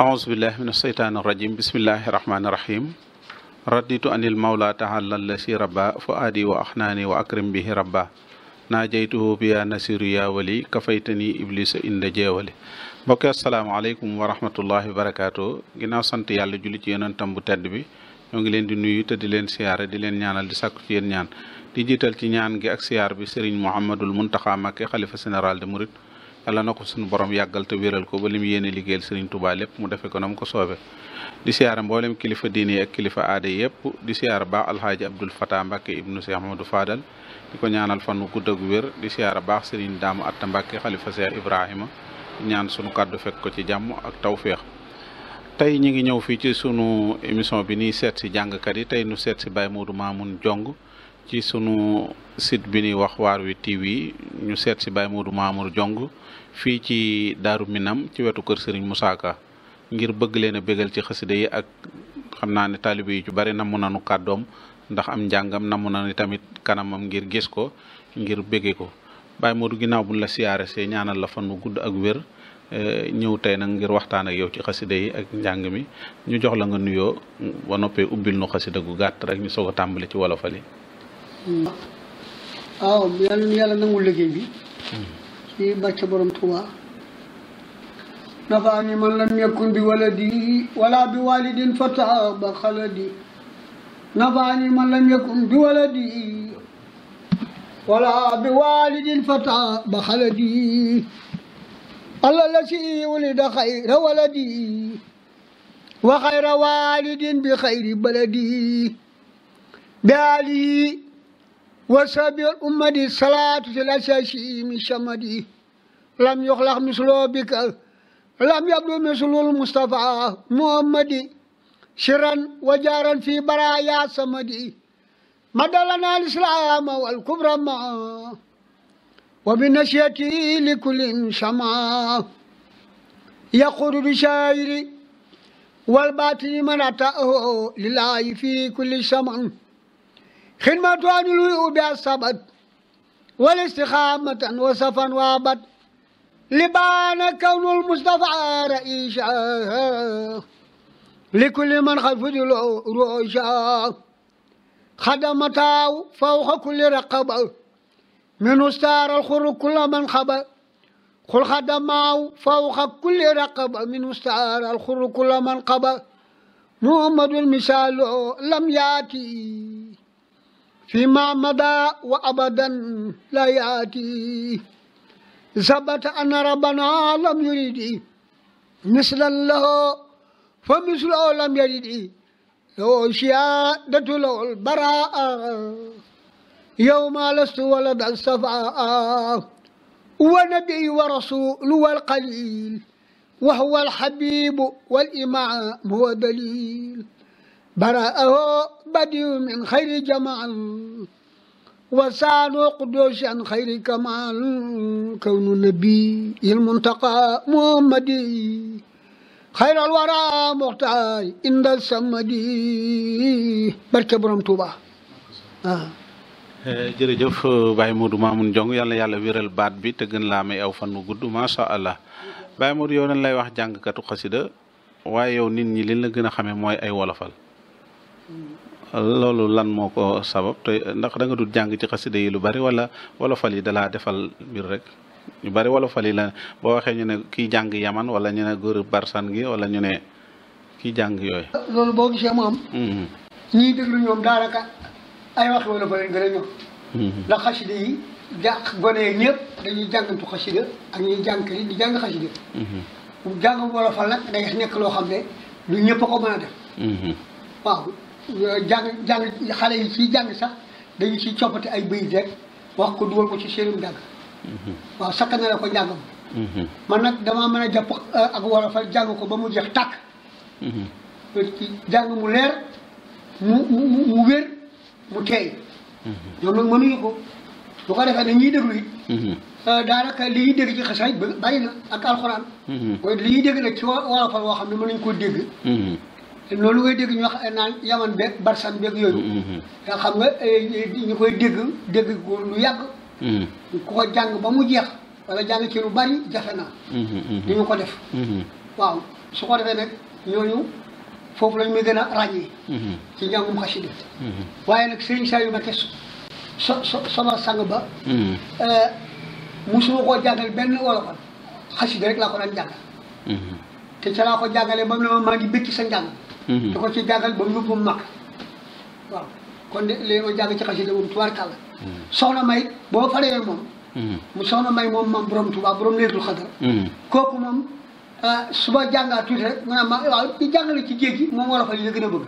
ahousubillah min asheytaan irajim bismillahi irahmani irahim raditu anil mawla taala lasi rabba fu aadi wa axnaani wa akrim bihi rabba naajaytuhu biya nasiru ya wali kafaytani iblisa inda jeewali mbokk asalaamaaleykum wa rahmatullahi wa barakaatu ginnaaw sant yàlla julli ci yonentam bu tedd bi ñoo ngi leen di nuyu te di leen siyaare di leen ñaanal di sàkku ci yéen ñaan di jiital ci ñaan gi ak siyaar bi Serigne Mouhamadul Muntaxa Mbakke xalifa général de yàlla na ko suñu borom yàggalte te wéral ko ba li mu yéene liggéeyal Serigne Touba lépp mu defe ko nam ko soobe di siyaara mboolem kilifa diine ak kilifa aada yépp di siyaara baax alxaaji Abdul Fatah Mbacke ibnu Cheikh Amadou Fadal di ko ñaanal fan wu gudd ak wér di siyaara baax Serigne Daamu Atta Mbacke xalifa Cheikh Ibrahima ñaan sunu kàddu fekk ko ci jàmm ak tawféex tey ñu ngi ñëw fii ci sunu émission bi nii seet si jàngkat yi tey nu seet si Baye Modou Mamoun Diong ci sunu site bi ñuy wax waar wi yi ñu seet si Baye Modou Mamour jong fii ci Daaru Minam ci wetu kër Serigne Moussa Ka ngir bëgg leen bëggal ci xasida yi ak xam naa ne taalibe yi ci bari namm nañu kàddoom ndax am njàngam namm ni tamit kanamam ngir gis ko ngir bége ko Baye Modou ginnaaw bu buñ la siyaare se ñaanal la fan wu gudd ak wér eh, ñëw tey nag ngir waxtaan ak yow ci xasida yi ak njàng mi ñu jox la nga nuyoo ba noppee ubbil nu xasida gu gàtt rek ñu soog a tàmbali ci wolofali waaw yàlla na yàlla nangu liggéey bi ci barke borom Tuuba nafa ni man lam yakun bi waladi wala bi walidin fata ba xaladi nafa ni man lam yakun bi waladi wala bi walidin fata ba xaladi allah la si wulida xayra waladi wa xayra walidin bi xayri baladi bi ali وسابي الأمة صلاة الأساسي من شمدي لم يخلق مثله بك لم يبدو مثل المصطفى محمد سرا وجارا في برايا صمدي مدى لنا الإسلام والكبرى معه وبنشيته لكل سماء يقول بشاعري والباطن من أتاه لله في كل سماء xidmatu anul u bi sabat wal istixaamatan wa safan wa bat li baana kawnul mustafa raisha li kulli man xad fudil roosha xadamataaw fawqa kulli raqaba min ustaar alxuru kulla man xaba xul xadamaaw fawqa kulli raqaba min ustaar alxuru kulla man xaba muhammadun misaalu lam yaati فيما مضى وأبدا لا يأتي ثبت أن ربنا لم يرد مثلا له فمثله لم يرد له سيادة له البراءة يوم لست ولد الصفاء ونبي ورسول والقليل وهو الحبيب والإمام هو دليل برأه بدي من خير جمال وسان قدوس عن خير كمال كون النبي المنتقى محمدي خير الورى مختار عند السمدي بركة برم توبة آه. jërëjëf Baye Modou Mamoun Diong yàlla yàlla wéral baat bi te gën laa may aw fan wu gudd macha allah Baye Modou yow nañ lay wax jàngkatu xasida waaye yow nit ñi liñ la gën a xamee mooy ay wolofal loolu lan moo ko sabab te ndax da nga dul jàng ci xasida yi lu bari wala wolofal yi dalaa defal mbir rek ñu bari wolofal yi la boo waxee ñu ne kii jàng yaman wala ñu ne góor barsan gi wala ñu ne kii jàng yooyu. loolu boo gisee mu am. Mm-hmm. ñiy déglu ñoom daanaka ay waxi wala fa gën a ñor. Mm-hmm. ndax xasida yi jàng kër di jàng xasida. Mm-hmm. jàng wolofal nag day nekk loo xam ne du ñëpp a ko mën a def. waaw. jàng jàng xale yi ciy jàng sax dañu ciy coppati ay bayit rek wax ko dugal ko ci seenum njàng mhm. waaw sakka na la ko njàngam mhm. man nag damaa mën a jàpp euh, ak wolof a jàng ko ba mu jeex tàkk mhm. jàng mu leer mu mu mu wér mu teey ñoom nag mënuñu ko bu ko defee ne ñuy déglu it euh, daanaka li ñuy dégg ci xasaay bàyyi na ak alxuraan mooy li ñuy dégg nag ci wolofal woo xam ne mën nañu koo dégg te loolu ngay dégg ñu wax naan yaman beeg barsan beeg yooyu. Mm-hmm, mm-hmm. nga xam nga eh, eh, ñu koy dégg dégg lu yàgg. Mm-hmm. ku ko jàng ba mu jeex wala jàng ci lu jafe na. di ñu ko def. waaw su ko defee nag ñooñu foofu lañ muy gën a ràññee. ci njàngum xasida waaye nag sëriñ saa yu so so sama sang ba. Eh, musuma koo jàngal benn wolofal xasida rek laa ko daan jàngal. te ca laa ko jàngalee ba mu ne ma maa ngi bëgg sa njàng. te mhm. ko ci jàngal ba mu mag waaw kon de léegi ma jàng ci xasida moom tubaarkàlla mhm. soxna may boo faree moom mhm. mu soxna may moom mam borom tubaab borom leetul xadar kooku moom ah, suba jàngaa tuuti rek mu ne ma waaw di jàngale ci géej gi moom war a fa li la gën a bëgg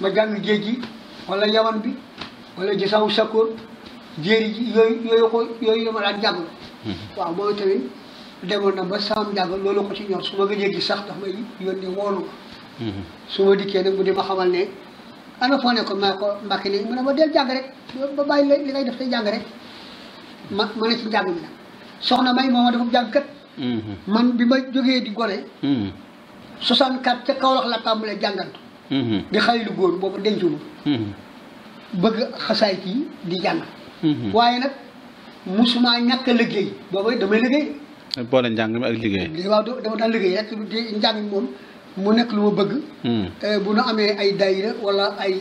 ma jàng géej gi wala yaman bi wala gisaw sakkoor jéeri ji yooyu yooyu ko yooyu dama daan jàng waaw mooy tamit demoon na ba saam jàng loolu ko ci ñor su ma gëjee gis sax daf may yónnee woolu su ma dikkee nag mu di ma xamal ne ana foo ne ko maa ko mbàkke léegi mu ne ma del jàng rek ba bàyyi li ngay def tey jàng rek ma ma ne ci jàng mi nag soxna may mooma dafa jàng kat man bi ma jógee di gone 64 ca kaw la tàmbalee jàngantu di xay lu góor boobu dencuma bëgg xasaay ci di jàng waaye nag musuma ñàkk a liggéey boobu damay liggéey boole njàng mi ak liggéey waaw dama daan liggéey rek di njàng moom mu nekk lu ma bëgg. Hmm. Euh, bu nu amee ay daayira wala ay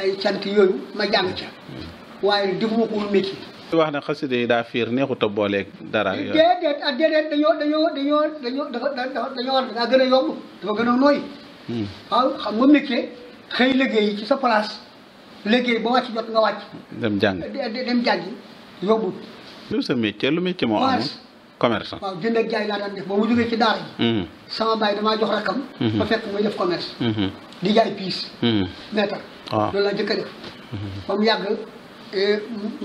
ay cant yooyu ma jàng ca. Hmm. waaye defuma ko métier. li wax na xasida yi daa fiir neexut a booleeg dara. déedéet ah dañoo dañoo dañoo dañoo dafa dafa dafa gën a nooy. Hmm. waaw xam nga métier xëy liggéey ci sa palaas liggéey ba wàcc jot nga wàcc. dem jàng dem jàngi yóbbu. lu sa métier lu métier moo amul. commerce waaw jënd ak jaay laa daan def ba mu jógee ci daara ji mm-hmm. sama baay damaa jox rakkam mm-hmm. ba fekk muy def commerce mm-hmm. di jaay piis mètre waaw ah. loolu laa jëkk a def ba mu yàgg eh,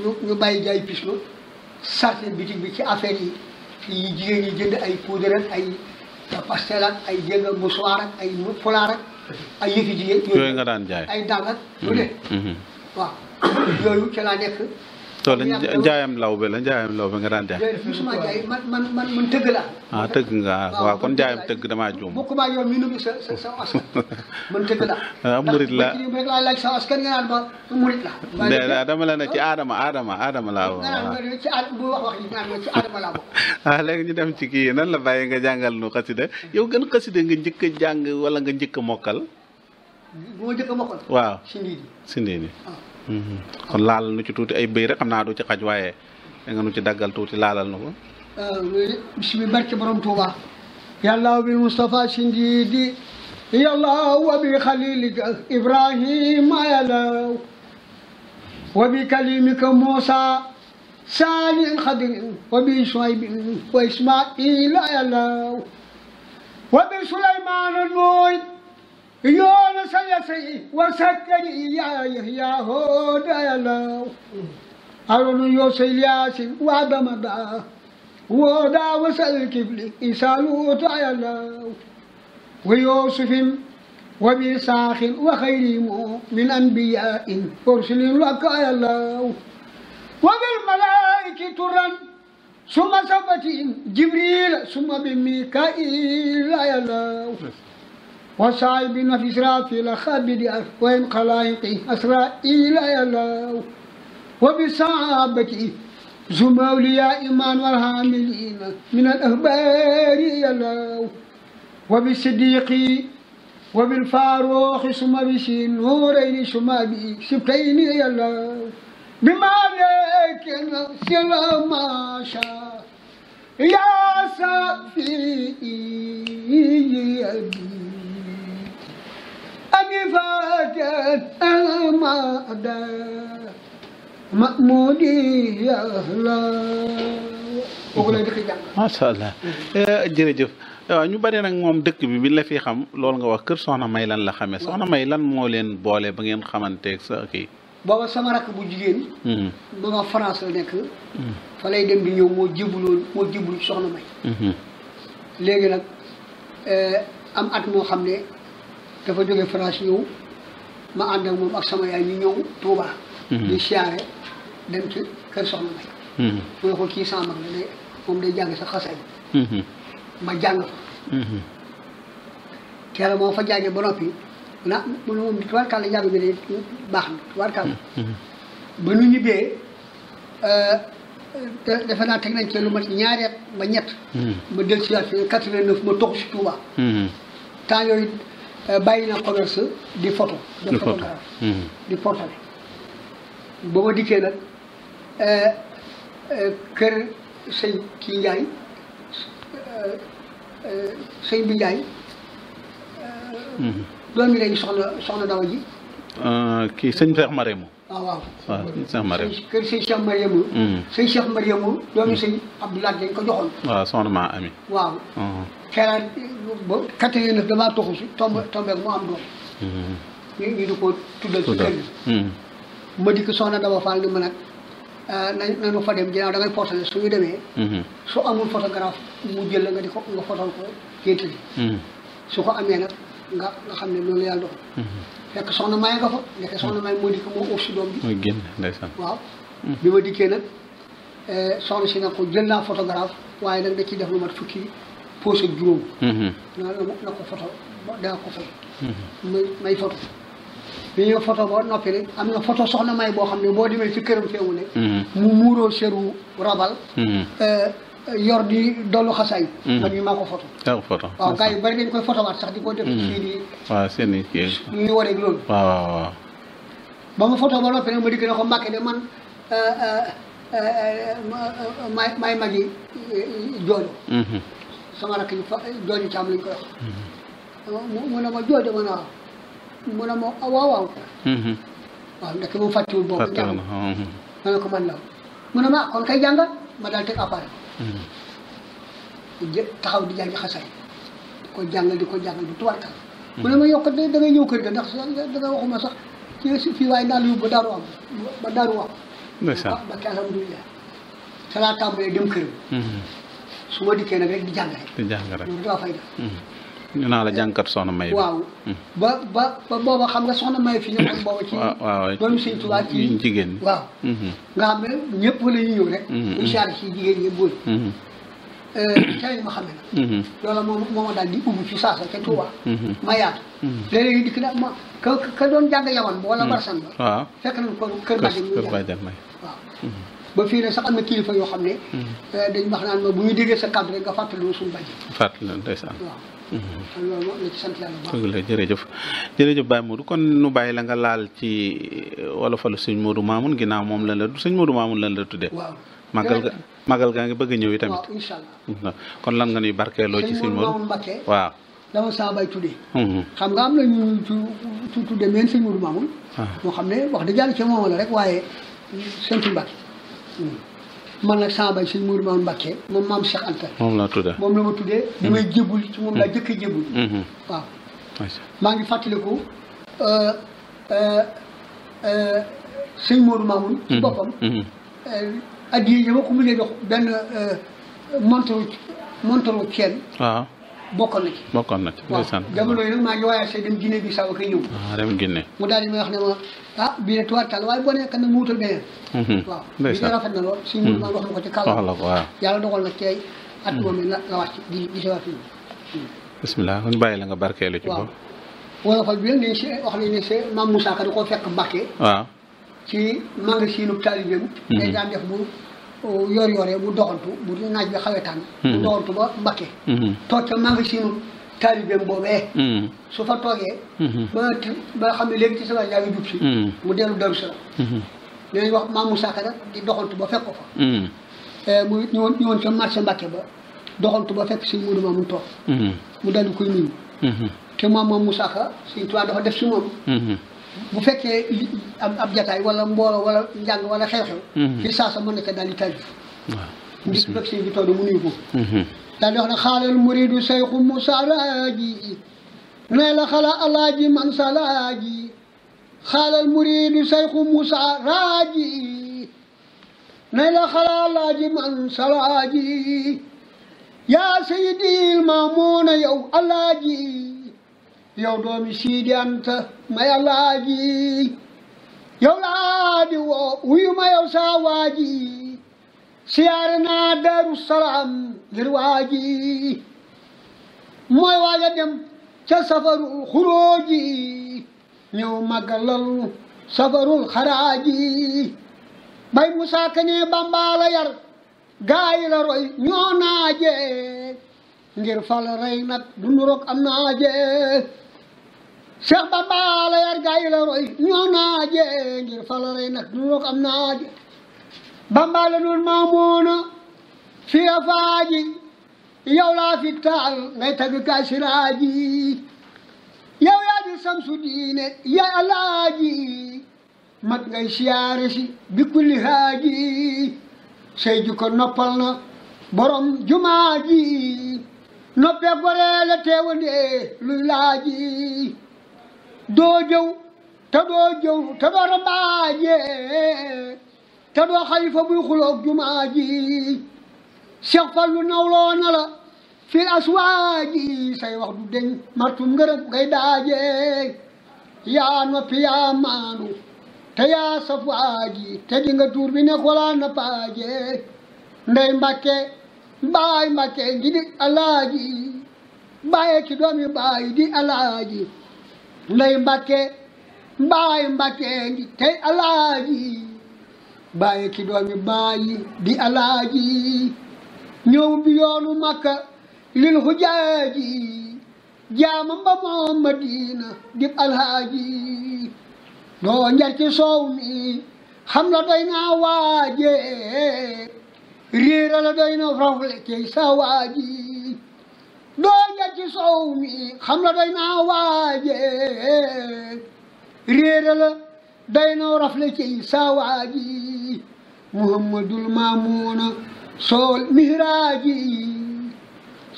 ñu ñu bàyyi jaay piis ba sarté bitig bi ci affaire yi yi jigéen ñi jënd ay poudre ak ay pastel ak ay jéng ak ay fulaar ay yëfi jigéen yooyu nga daan jaay ay dàng ak lu ne waaw laa nekk tool njaayam lawbe la njaayam lawbe nga tëgg la. Ah, kon njaayam tëgg damaa juum. bokkuma ah, nga naan ci aadama aadama aadama laa waaw. Ah, dem ci kii nan la bàyyi nga jàngal nu xasida yow gën xasida nga njëkk jàng wala nga njëkk mokkal. waaw si ndiini kon laalal nu ci tuuti ay bëy rek xam naa du ci xaj waaye da nga nu ci daggal tuuti laalal nu ko bismi barke borom Tuuba yàlla bi Mustafa sindiidi yàlla wa bi xalilika Ibrahima yàlla wa bi kalimika Muusa saani wa bi Suayb wa yoonu sa yas yi wa sakkari yaa yahyaahu dayalaw harunu yoosa ilyaasi wa damada wooda wasal kibli isaalu dayalaw wa yoosufin wa biisaaxin wa xayrimu min anbiyaa'in ursilin lakayalaw wa bilmalaa'iki turan suma sabatin jibril suma bi mikail ayalaw وصاحبنا في إسرافيل خابد وإن خلائق أسرائيل يلاو وبصحابته زم أولياء إيمان والحاملين من الأخبار يلاو وبالصديق وبالفاروق ثم بسنورين ثم بسبتين يلاو بما عليك سلام ما شاء يا سافي أبي فاتت المدى allah eh, jërëjëf waaw eh, ñu bari nag moom dëkk bi bi la fi xam loolu nga wax kër soxna may lan la xamee soxna may lan moo leen boole ba ngeen xamanteeg sa kii booba sama rakk bu jigéen hmm. ba ma France la nekk hmm. fa lay dem bi ñëw moo jébbuloon moo jébbulu soxna may hmm. léegi nag eh, am at moo xam ne dafa jóge France ñëw ma ànd ak moom ak sama yaay ñu ñëw Touba. ñu mhm. siyaare dem ci kër Soxna May. Mhm. mu ne ko kii sama day moom day jàng sa xasay. Mhm. ma jàng fa. teel a moo fa jàngee ba noppi mu ne moom tubaarkàlla njàng bi de baax na tubaarkàlla. ba nu ñibbee euh, defe naa teg nañ ci lu mat ñaari at ba ñett. ma dellusiwaat ci 89 ma toog si Touba. temps yooyu. Euh, bàyyi na commerce di photo di photo hmm. di portale dikkee nag euh, euh, kër sëñ kii Njaay sëñ bi Njaay hmm. doomi lañ soxna soxna dawa ji kii sëñ Seex Marème waaw waaw Cheikh Mariam kër sëñ Cheikh Mariamu mm. sëñ Cheikh Mariamu doomi mm. sëñ Abdoulaye dañ ko joxoon waaw soxna maa ami waaw xeeraat mm-hmm. ba quatre-vingt-neuf damaa toxu si mm. mu am doom mm-hmm. ñu ñu di ko tuddal ci kër gi dikk soxna Daba Fall ni ma nag ah, nañ nañu fa dem ginnaaw da ngay portale suñu demee mm-hmm. su amul photographe mu jël la nga di ko nga fotal ko gént gi su ko amee nag nga nga xam ne loolu yàlla doxal. Mhm. fekk soxna May nga fa. nga soxna May moo dikk moo uuf si doom bi. mooy génn ndeysaan waaw. Mhm. bi ma dikkee nag eh, soxna si ne ko jël naa photographe waaye nag da def lu mat fukki pose ak juróom. Mhm. naa na ko photo daa ko fay. may may photo bi ñu photo boo noppi rek am na photo soxna May boo xam ne boo demee ci këram fee ne. mu muuroo seru rabal. Eh, yor di dollu xasaay. man mii maa ko foto. yaa ko foto waaw gars yu bari dañ koy fotowaat sax di ko def. fii nii waaw seen i kii. ñuy waneeg loolu. waaw waaw waaw. ba ma foto ba noppi nag ma digg na ko man maay maay mag yi kon kay jàngal ma daal teg appareil. jëpp taxaw di jàng xasaay di ko jàngal di ko jàngal bu tubarkal mu hmm. ne ma yokk da ngay ñëw kër ga ndax da nga waxuma sax ci fii waaye naa la ba daaru ba daaru am ndeysaan ba alhamdulilah sa laa tàmbalee dem këram hmm. su ma dikkee nag rek di jàng di jàng rek loolu daa fay def ñu naa la jànkat soxna May. waaw hmm. ba ba ba booba xam nga soxna May fi nekkoon booba. ci doomu Sëñ Tuubaa ci jigéen waaw. Hmm. nga xam ne ñëpp la ñu ñëw rek. ñu hmm, saar ci jigéen ñi góor. tey eh, ma xam ne la. loolu moo ma daal di ubbi ci saasa ca Tuubaa. ma yaatu. léeg-léeg dikk na ma doon jàng yawan wala barasan ba. fekk nañ ko kër Badiane muy jàng ba fii ne sax am na kilifa yoo xam ne. Eh, dañ wax naan ma bu ñu déggee sa kàddu rek nga fàttaliwul suñu bàjj. fàttaliwul ndeysaan waaw. loolu moom la jërëjëf jërëjëf Baye Modou kon nu bàyyi la nga laal ci euh, wolofalu sëñ Modou Mamoun ginnaaw moom lan la sëñ Modou lan la tudde waaw magal ga gaa ngi bëgg a ñëw yi tamit. waaw incha kon lan nga ñuy barkeeloo ci sëñ Modou waaw. Mhm. xam nga am na ñu tu meen sëñ Modou Mamoun. moo ah. xam ne wax dëgg yàlla ci moom la rek waaye sëñ Mbacke. man nag sama bay suñ muur maam Mbàkke moom maam Cheikh Anta moom laa tuddee moom la ma tuddee li mhm. may jébul ci moom laa mhm. jëkk a jébul mhm. waaw maa ngi fàttaliku euh, euh, euh, sëñ Modou Mamoun ci boppam addiye yi ma ko mujjee jox benn montaru montaru ceen waaw bokkoon na ci. bokkoon na ci ndeysaan. waaw jamono yi nag maa ngi voyagé dem Guinée bi a koy ñëw. ah dem Guinée. mu daal di may wax ne ma ah a de tuwaat taal waaye boo nekk mu wutal beneen. Mhm. waaw bii na lool. suñu mën maa ko ci kàlla. wax mhm. la mhm. bàyyi la nga barkeelu ci bopp. waaw wolofal bi nag si wax nañ ne c'est Mame Moussa Ka da fekk Mbacke. waaw ci magasin taalibeem. day daan def bu. yoor yooree bu doxantu bu naaj bi xawee tàng bu hmm. doxantu ba Mbakke hmm. toog ca magasin taalibeem boobee hmm. su fa toogee ba ba xam ne léegi ci sabar yaa ngi jub si mu dellu Daaru Salaam dinañ wax Maam Moussa Ka di doxantu ba fekk ko fa eh, mu ñëwoon ñëwoon ca marché Mbakke ba doxantu ba fekk si Moodu Maamun toog mu dellu koy nuyu dafa def si moom bu fekkee am ab jataay wala mbooloo wala njàng wala xew-xew fi mhm. saasa mën na ca daal di taalif ngis bëgg sëñ bi toog mu nuyu ko mhm. daal di wax ne xaalal muridu sayxu musaraaji ne la xala alaaji man salaaji xaalal muridu sayxu musaraaji ne la xala alaaji man salaaji yaa sayidi maamoona yow alaaji yow doomi siidi anta ma yàllaa ji yow laa di woo wuyu ma yow saa waa ji siyaare naa daru salaam ngir waa ji mooy waaja dem ca safaru xurooji ñëw màggalal safarul xaraaji bay Musaa Ka ne Bamba la yar gaay la roy ñoo naaje ngir fal rey nag du nu rok am naaje Cheikh Bamba la yar roy ñoo naaje ngir falaree nag du naaje Bamba la maamoona fi a faaji yow taal ngay tagg kaa siraaji yow samsu diine yaa alaaji mat ngay siyaare si bi kulli haaji sey ju ko borom jumaa ji noppee goree la luy laaji doo jëw te doo jëw te doo rabaaje te doo xalifa buy xuloog jumaa ji Cheikh Fallu nawloo na la fil aswaaji say wax du deñ martum ngërëm ngay daaje yaa noppi yaa maanu te yaa saf waaji te di nga tuur paaje ndey mbàkke baay mbàkke ngi alaaji bàyye ci doomi baay di alaaji ndey mbàkke mbaay mbàkke ngi tey alaaji bàyyi ki doomi bàyyi di alaaji ñëw bi yoonu makka lil xujaaji jaamam ba moom madina dib alaaji doo njar ci soow mi xam naa waaje réera la na rafle ci sa waaji loo jël ci soow mi xam la doy naa waaje réere la day noo rafle ci sa waaji muhammadul maamuna sool mihraaji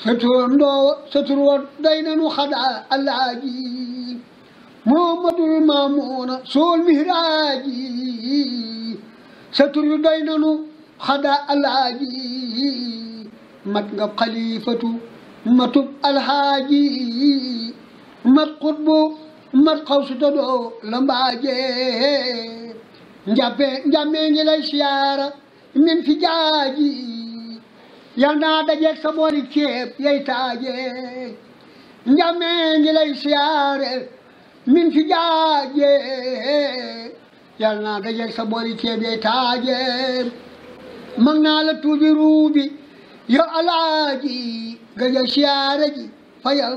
sa turoon doo sa turoon day nanu xadaa allaaji muhammadul sool mihraaji sa turu day nanu xadaa allaaji mat nga xalifatu matub alxaaji mat xutbu mat xawsu tadoo la mbaaje njàppe njàmmee ngi lay siyaara min fi jaaji yal naa dajeeg sa boori ceeb yay taaje njàmmee ngi lay siyaare min fi jaaje yal naa dajeeg sa boori ceeb yay taaje mag naa la tuubi ruubi yow alaaji nga jël siyaare ji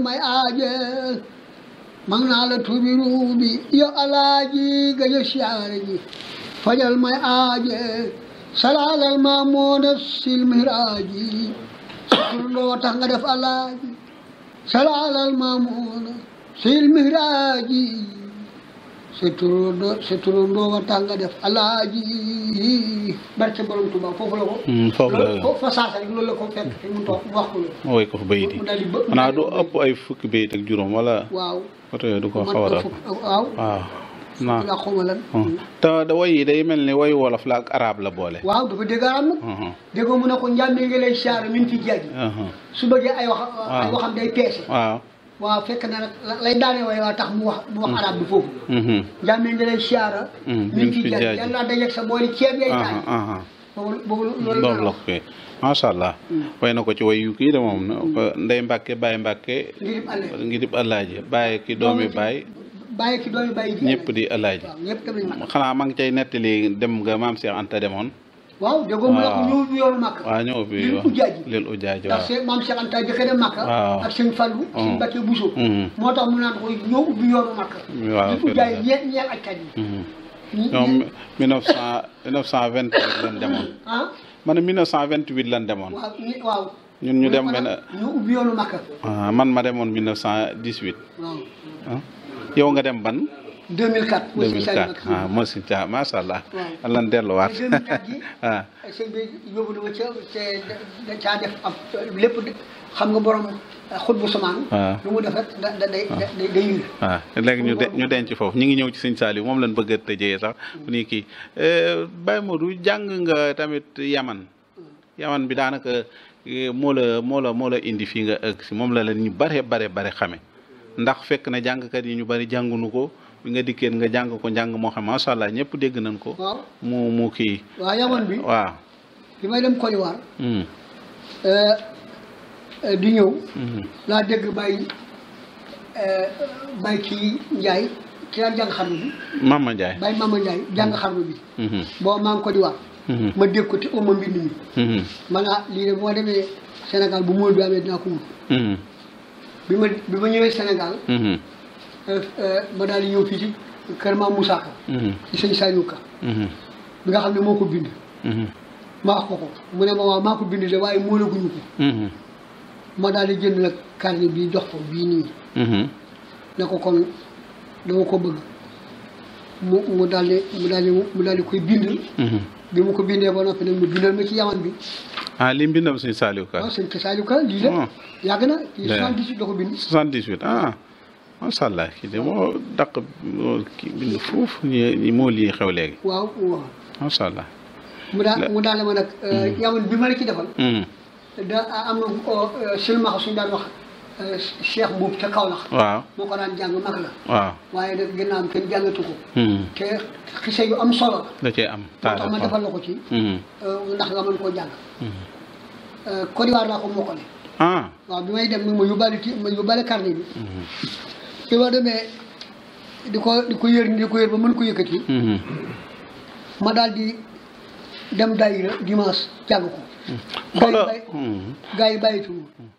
may aajal mag naa la tubiru bi yow alaaji nga jël siyaare ji fayal may aajal salaalal maa moona silmiraaji loo tax nga def alaaji salaalal maa moona sa turandoo sa turandoo wa tax nga def alaaji barke borom Tuubaa foofu la ko. Hmm, foofu la ko fa saasa rek loolu la ko fekk fi mu toog wax ko. mooy ko fa bayit yi xanaa du ëpp ay fukki bayit ak juróom wala. waaw côté yooyu du ko xaw a daal waaw. Ah, naa xuma lan. Hmm. te way yi day mel ni way wolof la ak arab la boole. waaw dafa dégg arab nag. déggoo mu ne ko njàmmee nga lay saara min fi jaaj. su bëggee ay wax ah. ay waxam day peese. waaw. waaw fekk na nag lay daane waaye waa tax mu wax mu wax mm-hmm. arab bi foofu ndaa mel ni lay siyaara liñ ci jar yàlla dajeeg sa booli ceeb yay taay uh-huh, uh-huh. boobu boobu loolu la ko koy macha allah mm. way na ko ci way yu kii de moom mm. ndey mbàkke bàyyi mbàkke ngirib alaaji bàyyi ki doomi bàyyi bàyyi ki doomi bàyyi ñëpp di alaaji ñëpp xanaa maa ngi cay nettali dem nga maam Cheikh Anta demoon waaw déggoo mu la ko ñëw bi yoonu Makka. waaw ñëw mm. mm. bi mm-hmm. lañ demoon. Ah? ma demoon. waaw waaw. ñun ñu dem benn ah, man ma demoon 1918. waaw ah? nga dem ban. 2004. 2004 waaw moo si ah, ah. caa nga borom xut ah. léegi ñu de denc foofu ñu ngi ñëw ci sëñ yi moom lañ bëgg a tëjee sax. fu mm. ñuy kii eh, Baye Modou jàng nga tamit yaman. Mm. yaman bi daanaka eh, moo la moo la indi fii nga si moom la leen ñu bare bare bare xame mm. ndax fekk na jàngkat yi ñu bari jàngunu ko. bi nga dikkee nga jàng ko njàng moo xam macha allah ñëpp dégg nañ ko. waaw mu mu kii. waaw yaman bi waaw. bi may dem koñ waar. Hmm. Euh, euh, di ñëw. Hmm. laa dégg bay euh, bay kii Ndiaye ki daan jàng xarnu bi. Mama Ndiaye bay Mama Ndiaye jàng hmm. xarnu bi. boo maa ko di waar. ma dégg ko te oma mbind mi. ma ah, lii de boo demee Sénégal bu mu bi amee dinaa ko wut. bi ma ñëwee Sénégal. ma daal di ñëw fii ci kër maam Moussa Ka. Mhm. ci sëñ Saliou Ka. Mhm. bi nga xam ne moo ko bind. Mhm. ma wax ko ko mu ne ma waaw maa ko bind de waaye moo la guñu ko. ma daal di jënd nag carnet bi jox ko bii nii. ne ko kon dama ko bëgg mu mu daal di mu daal di koy bindal. bi mu ko bindee ba noppi nag mu bindal ma ci yaman bi. ah li mu bindal sëñ Saliou Ka. waaw ah, sëñ Saliou Ka lii la. Oh. yàgg na kii 78 la ko bind. 78 ah. macha allah kii de moo dàq kii bind foofu ñi moo lii xew léegi. waaw waaw. macha allah. mu daal mu daal la ma nag. Hmm. Euh, yow bi ma la ci defal. Hmm. da am na euh, silmaxa suñu daan wax. Euh, cheikh boobu ca Kaolack. waaw moo ko daan jàng mag la. waaw waaye nag ginnaaw am kenn jàngatu ko. Hmm. te xise yu am solo la. da cee am tax ma defal la ko ci. ndax nga mën koo jàng. Côte d'Ivoire laa ko mokkale. ah waaw bi may dem ma yóbbaale ci ma yóbbaale carnet bi. ci loo demee di ko di ko yër di ko yër ba mën ko yëkkati. Mm-hmm. ma daal di dem daayira dimanche jàng ko. Mm-hmm. xoolal gars yi bàyyi